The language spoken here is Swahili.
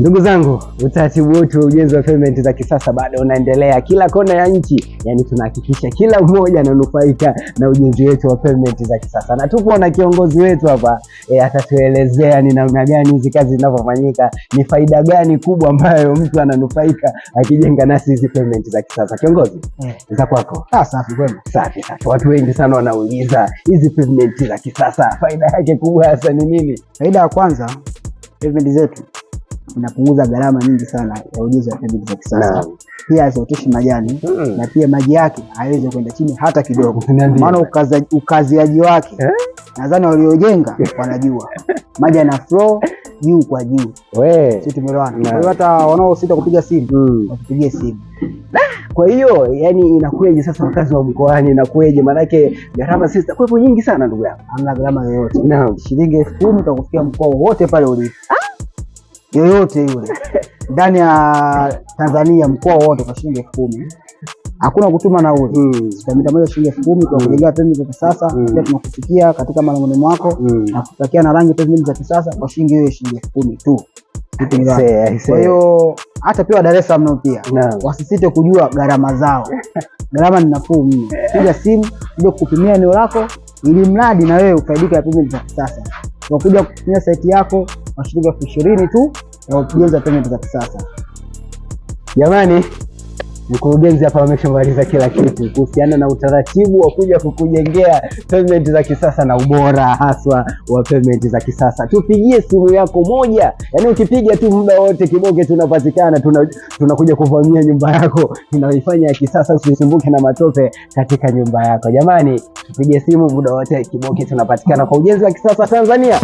Ndugu zangu, utaratibu wetu wa ujenzi wa pavement za kisasa bado unaendelea kila kona ya nchi, yaani tunahakikisha kila mmoja ananufaika na ujenzi wetu wa pavement za kisasa, na tupo na kiongozi wetu hapa e, atatuelezea ni namna gani hizi kazi zinavyofanyika, ni faida gani kubwa ambayo mtu ananufaika akijenga nasi hizi pavement za kisasa. Kiongozi, hmm, za kwako. Ah, safi kwema. Safi safi. Watu wengi sana wanauliza hizi pavement za kisasa faida yake kubwa hasa ni nini? Faida ya kwanza pavement zetu inapunguza gharama nyingi sana ya ujenzi wa piramidi za kisasa. Pia hazioteshi majani mm. na pia maji yake hayawezi kwenda chini hata kidogo, maana ukaziaji wake eh? nadhani waliojenga wanajua maji yana flow juu kwa juu, si tumeelewana? Kwa hiyo hata wanaosita kupiga simu mm. simu ah, kwa hiyo yani, inakuweje sasa wakazi wa mkoani, inakuweje? Maanake gharama sisi zitakuwepo nyingi sana, ndugu yangu. Hamna gharama yoyote, shilingi elfu kumi utakufikia mkoa wowote pale ulipo. Ah, yoyote yule ndani ya Tanzania mkoa wote kwa shilingi elfu kumi hakuna kutuma nauli mm. Sitamita moja shilingi elfu kumi kwa mm. kujengea pembe za kisasa mm. Pia tunakufikia katika malangoni mwako mm. na kutakia na rangi pembe za kisasa kwa shilingi hiyo shilingi elfu kumi tu. Kwa hiyo hata pia Dar es Salaam nao pia wasisite kujua gharama zao, gharama ni nafuu mno. Piga simu kuja kukupimia eneo lako, ili mradi na wewe ufaidike na pembe za kisasa. Unakuja kutumia saiti yako kwa shilingi elfu ishirini tu na ujenzi wa pavement za kisasa. Jamani, mkurugenzi hapa ameshamaliza kila kitu kuhusiana na utaratibu wa kuja kukujengea pavement za kisasa na ubora haswa wa pavement za kisasa. Tupigie simu yako moja, yaani ukipiga tu muda wote Kiboke tunapatikana, tunakuja tuna kuvamia nyumba yako, tunaifanya ya kisasa, usisumbuke na matope katika nyumba yako. Jamani, tupigie simu muda wote Kiboke tunapatikana kwa ujenzi wa kisasa Tanzania.